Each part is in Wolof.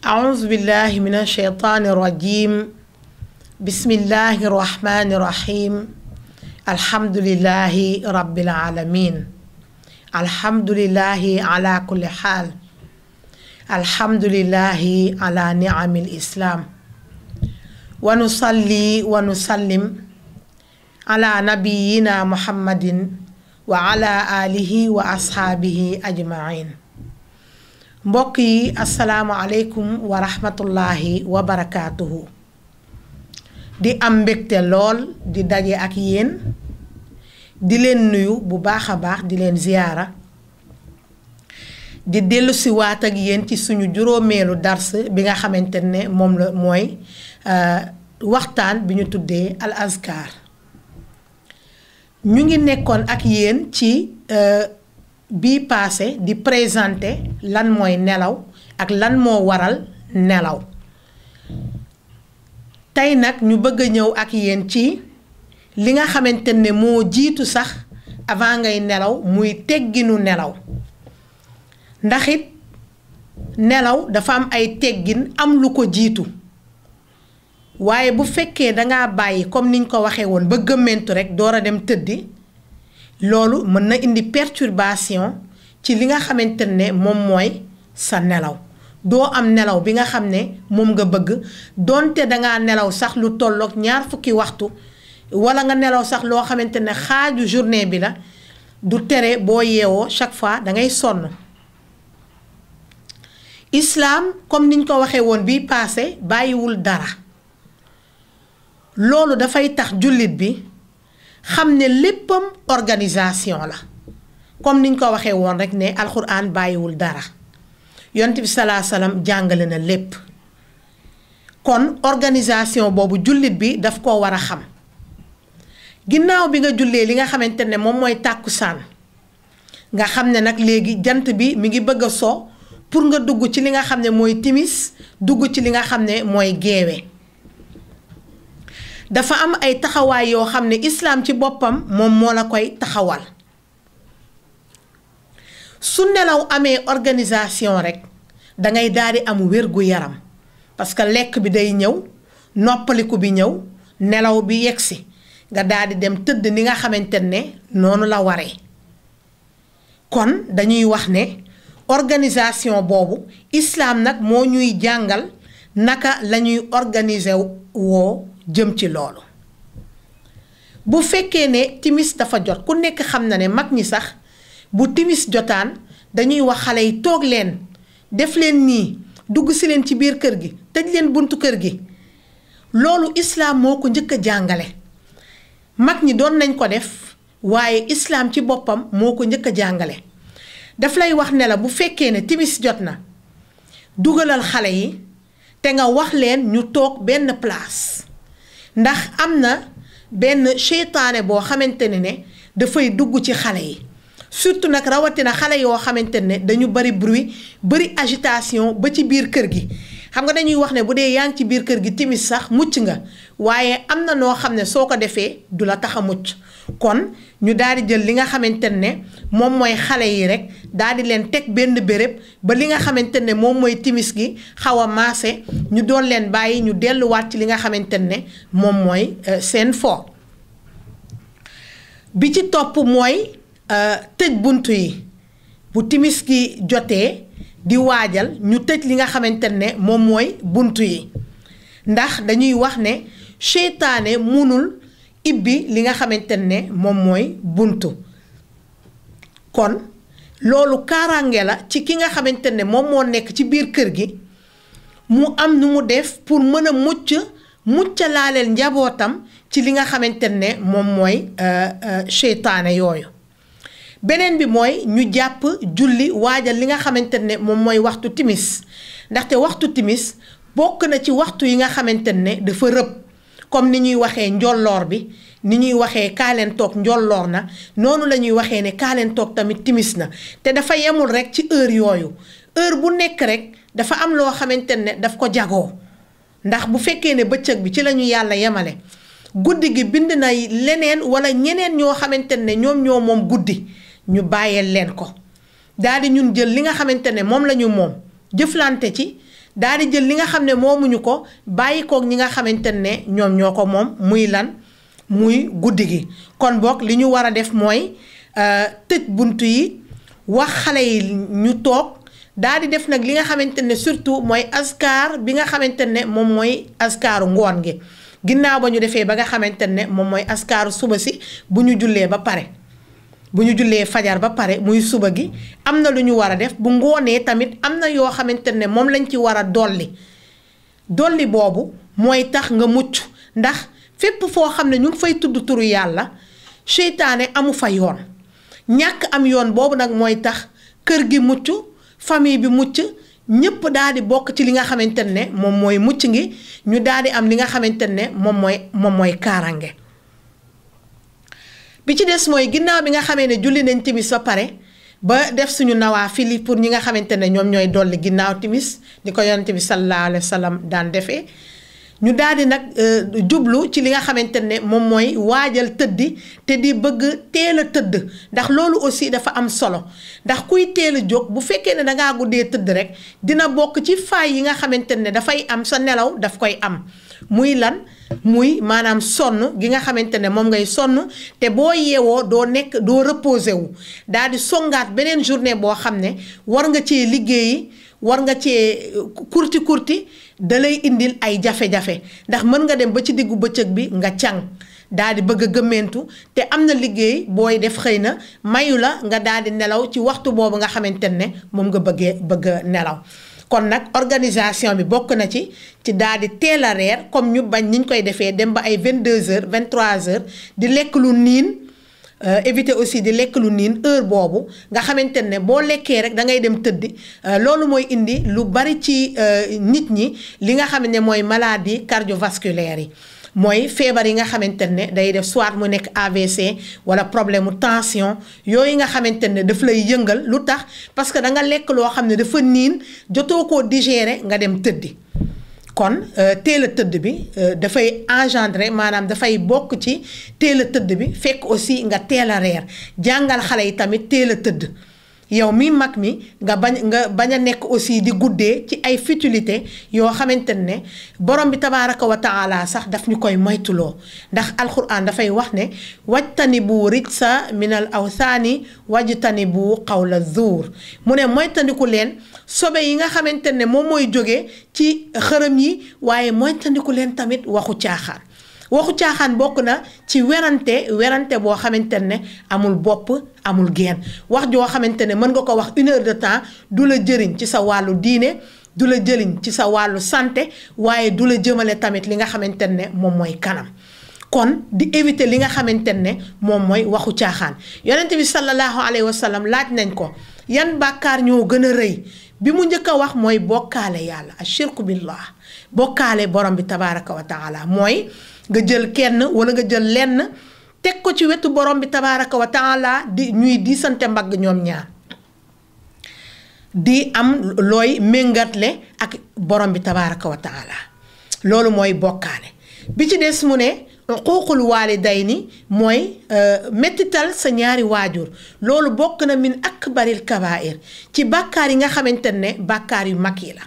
أعوذ بالله من الشيطان الرجيم بسم الله الرحمن الرحيم الحمد لله رب العالمين الحمد لله على كل حال الحمد لله على نعم الإسلام ونصلي ونسلم على نبينا محمد وعلى آله وأصحابه أجمعين mbokk yi asalaamualeykum wa rahmatullahi wa barakaatuhu di am mbégte lool di daje ak yéen di leen nuyu bu baax a baax di leen ziyaara di dellusi waat ak yéen ci suñu juróomeelu dars bi nga xamante ne moom la mooy euh, waxtaan bi ñu tuddee al azkar ñu ngi nekkoon ak yéen ci euh, bi paase di présenter lan mooy nelaw ak lan moo waral nelaw tey nag ñu bëgg ñëw ak yéen ci li nga xamante ne moo jiitu sax avant ngay nelaw muy tegginu nelaw ndax it nelaw dafa am ay teggin am lu ko jiitu waaye bu fekkee dangaa bàyyi comme ni ñu ko waxee woon ba gëmmentu rekk door a dem tëddi loolu mën na indi perturbation ci li nga xamante ne moom mooy sa nelaw doo am nelaw bi nga xam ne moom nga bëgg donte dangaa nelaw sax lu tolloog ñaar fukki waxtu wala nga nelaw sax loo xamante ne xaaju journée bi la du tere boo yeewoo chaque fois da ngay sonn islam comme niñ ko waxee woon bii paase bàyyiwul dara loolu dafay tax jullit bi xam ne léppam organisation la comme niñ ko waxee woon rek ne alxuraan bàyyiwul dara yonent bi salaa salaam jàngale na lépp kon organisation boobu jullit bi daf koo war a xam ginnaaw bi nga jullee li nga xamante ne moom mooy tàkku tàkkusaan nga xam ne nag léegi jant bi mu ngi bëgg a soo pour nga dugg ci li nga xam ne mooy timis dugg ci li nga xam ne mooy géewe dafa am ay taxawaay yoo xam ne islaam ci boppam moom moo la koy taxawal su nelaw amee organisation rek dangay daal di am wér-gu-yaram parce que lekk bi day ñëw noppaliku bi ñëw nelaw bi si nga daal dem tëdd ni nga xamante ne noonu la ware kon dañuy wax ne organisation boobu islaam nag moo ñuy jàngal naka lañuy ñuy organiser woo jëm ci loolu bu fekkee ne timis dafa jot ku nekk xam na ne mag ñi sax bu timis jotaan dañuy wax xale yi toog leen def leen nii dugg si leen ci biir kër gi tëj leen buntu kër gi loolu islaam moo ko njëkk jàngale mag ñi doon nañ ko def waaye islaam ci boppam moo ko njëkk a jàngale daf lay wax ne bu fekkee ne timis jot na dugalal xale yi te nga wax leen ñu toog benn place ndax am na benn seytaane boo xamante ne ne dafay dugg ci xale yi surtout nag rawatina xale yoo xamante ne dañu bari bruit bari agitation ba ci biir kër gi xam nga dañuy wax ne bu dee yaa ci biir kër gi timis sax mucc nga waaye am na noo xam ne soo ko defee du la taxa mucc kon ñu daal di jël li nga xamante ne moom mooy xale yi rek daal di leen teg benn béréb ba li nga xamante ne moom mooy timis gi xaw a maase ñu doon leen bàyyi ñu delluwaat ci li nga xamante ne moom mooy euh, seen foo bi ci topp mooy euh, tëj bunt yi bu timis gi jotee di waajal ñu tëj li nga xamante ne moom mooy buntu yi ndax dañuy wax ne seytaane mënul ibbi li nga xamante ne moom mooy buntu kon loolu kaaraange la ci ki nga xamante ne moom moo nekk ci biir kër gi mu am nu mu def pour mën a mucc mucc laaleel njabootam ci li nga xamante ne moom mooy euh, euh, seytaane yooyu beneen bi mooy ñu jàpp julli waajal li nga xamante ne moom mooy waxtu timis ndaxte waxtu timis bokk na ci waxtu yi nga xamante ne dafa rëb comme ni ñuy waxee njolloor bi ni ñuy waxee kaaleen toog njolloor na noonu la ñuy waxee ne kaaleen toog tamit timis na te dafa yemul rek ci heure yooyu heure bu nekk rek dafa am loo xamante ne daf ko jagoo ndax bu fekkee ne bëccëg bi ci lañu yàlla yemale guddi gi bind na leneen wala ñeneen ñoo xamante ne ñoom ñoo moom guddi ñu bàyyeel leen ko daal di ñun jël li nga xamante ne moom lañu moom jëflante ci daal di jël li nga xam ne moomuñu ko bàyyi ñi nga xamante ne ñoom ñoo ko moom muy lan muy guddi gi kon boog li ñu war a def mooy euh, tëj bunt yi wax xale yi ñu toog daal di def nag li nga xamante ne surtout mooy askar bi nga xamante ne moom mooy askaru ngoon gi ginnaaw ba ñu defee ba nga xamante ne moom mooy askaaru suba si bu ñu jullee ba pare bu ñu jullee fajar ba pare muy suba gi am na lu ñu war a def bu ngoonee tamit am na yoo xamante ne moom lañ ci war a dolli dolli boobu mooy tax nga mucc ndax fépp foo xam ne ñu ngi fay tudd turu yàlla seytaane amu fa yoon ñàkk am yoon boobu nag mooy tax kër gi mucc famille bi mucc ñëpp daal di bokk ci li nga xamante ne moom mooy mucc ngi ñu daal di am li nga xamante ne moom mooy moom mooy kaarange bi ci des mooy ginnaaw bi nga xamee ne julli nañ timis ba pare ba def suñu nawaafil yi pour ñi nga xamante ne ñoom ñooy dolli ginnaaw timis ni ko yonent bi sallallahu alayhi wa daan defee ñu daal di nag euh, jublu ci li nga xamante ne moom mooy waajal tëddi te di bëgg teel a tëdd ndax loolu aussi dafa am solo ndax kuy teel a jóg bu fekkee ne dangaa guddee tëdd rek dina bokk ci faay yi nga xamante ne dafay am sa nelaw daf koy am muy lan muy maanaam sonn gi nga xamante ne moom ngay sonn te boo yeewoo doo nekk doo reposé wu daal di songaat beneen journée boo xam ne war nga cee liggéeyi war nga cee euh, kurti kurti da lay indil ay jafe-jafe ndax mën nga dem ba ci diggu bëccëg bi nga càng daal di bëgg a gëmmentu te am na liggéey booy def xëy na mayu la nga daal di nelaw ci waxtu boobu nga xamante ne moom nga bëggee bëgg nelaw kon nag organisation bi bokk na ci ci daal di teel a reer comme ñu bañ niñ koy defee dem ba ay 22h 23h di lekk lu niin euh, évité aussi di lekk lu niin heure boobu nga xamante ne boo lekkee rek da ngay dem tëddi euh, loolu mooy indi lu bari ci euh, nit ñi li nga xam ne mooy maladie cardiovasculaire yi. mooy feebar yi nga xamante ne day def soit mu nekk AVC wala problème mu tension yooyu nga xamante ne daf lay yëngal lu tax parce que da nga lekk loo xam ne dafa niin jotoo ko digérer nga dem tëddi. kon euh, teel a tëdd bi euh, dafay engendrer maanaam dafay bokk ci teel a tëdd bi fekk aussi nga teel a reer jàngal xale yi tamit teel a tëdd. yow mi mag mi nga bañ nga bañ a nekk aussi di guddee ci ay futilité yoo xamante ne borom bi tabaaraka wa taala sax daf ñu koy moytuloo ndax alxuraan dafay wax ne wajtani bu rijsa minal awsaani wajtani bu qawla zuur mu ne moytandiku leen sobe yi nga xamante ne moom mooy jóge ci xërëm yi waaye moytandiku leen tamit waxu caaxaan waxu caaxaan bokk na ci werante werante boo xamante ne amul bopp amul geen wax joo xamante ne mën nga ko wax une de temps du la jëriñ ci sa wàllu diine du la jëriñ ci sa wàllu sante waaye du la jëmale tamit li nga xamante ne moom mooy kanam kon di éviter li nga xamante ne moom mooy waxu caaxaan yonent bi sallallahu alayhi wa laaj nañ ko yan bàkkaar ñoo gën a rëy bi mu njëkk a wax mooy bokkaale yàlla ashirku billah bokkaale borom bi tabaaraka wa mooy nga jël kenn wala nga jël lenn teg ko ci wetu borom bi tabaaraka wa di ñuy di sante mbagg ñoom ñaar di am looy méngatle ak borom bi tabaaraka wa loolu mooy bokkaale bi ci des mu ne day ni mooy euh, méttital sa ñaari waajur loolu bokk na ak baril kabair ci bàkkaar yi nga xamante ne bàkkaar yu mag yi la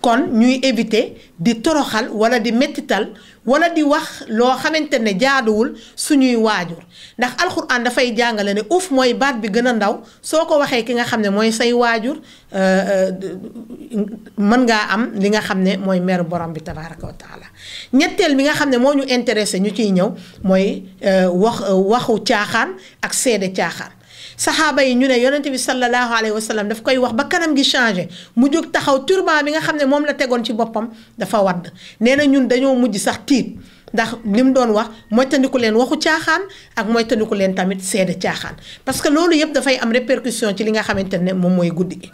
kon ñuy évité di toroxal wala di mettital wala di wax loo xamante ne jaaduwul suñuy waajur ndax alxuraan dafay jàngale ne uuf mooy baat bi gën a ndaw soo ko waxee ki nga xam ne mooy say waajur euh, euh, mën ngaa am li nga xam ne mooy meru borom bi tabaaraka wa ñetteel bi nga xam ne moo ñu intéressé ñu ciy ñëw mooy euh, wax waxu caaxaan ak seede caaxaan saxaaba yi ñu ne yonent bi sallallahu alayhi wa sallam daf koy wax ba kanam gi changé mu jóg taxaw turban bi nga xam ne moom la tegoon ci boppam dafa wadd nee na ñun dañoo mujj sax tiit ndax li mu doon wax moytandiku leen waxu caaxaan ak moytandiku leen tamit seede caaxaan parce que loolu yëpp dafay am répercussion ci li nga xamante ne moom mooy guddi gi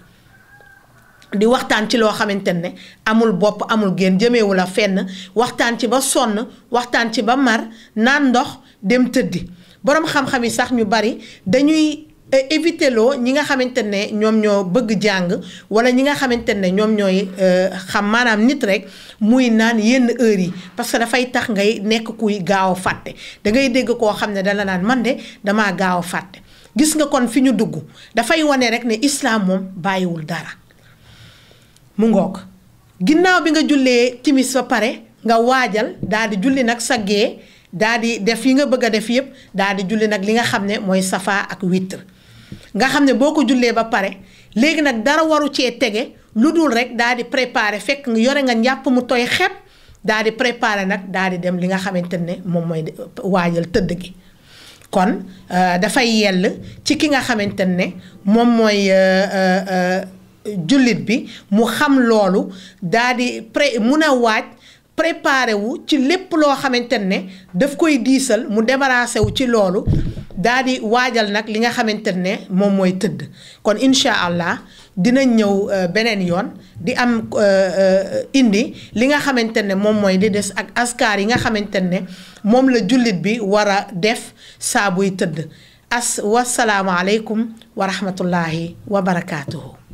di waxtaan ci loo xamante ne amul bopp amul génn jëmeewu la fenn waxtaan ci ba sonn waxtaan ci ba mar naan ndox dem tëddi boroom xam yi sax ñu bari éviter loo ñi nga xamante ne ñoom ñoo bëgg jàng wala ñi nga xamante ne ñoom ñooy euh, xam maanaam nit rek muy naan yenn heures yi parce que dafay tax ngay nekk kuy gaaw a fàtte dangay dégg koo xam ne dala naan man de damaa gaaw a fàtte gis nga kon fi ñu dugg dafay wane rek ne islam moom bàyyiwul dara mu ngoog ginnaaw bi nga jullee timis ba pare nga waajal daal di julli nag sa gée daal di def yi nga bëgg a def yëpp daal di julli nag li nga xam ne mooy safa ak witr nga xam ne boo ko jullee ba pare léegi nag dara waru cee tege lu dul rek daa di préparer fekk nga yore nga njàpp mu tooy xepp daa di préparer nag daa di dem li nga xamante ne moom mooy waajal tëdd gi. kon euh, dafay yell ci ki nga xamante ne moom mooy euh, euh, jullit bi mu xam loolu daa di pré mun a waaj. préparé wu ci lépp loo xamante ne daf koy diisal mu débarrassé wu ci loolu daa di waajal nag li nga xamante ne moom mooy tëdd kon incha allah dina ñëw euh, beneen yoon di am euh, euh, indi li nga xamante ne moom mooy li des ak askar yi nga xamante ne moom la jullit bi war a def saabuy tëdd as wasalaamualeykum wa rahmatullahi wa barakaatuhu.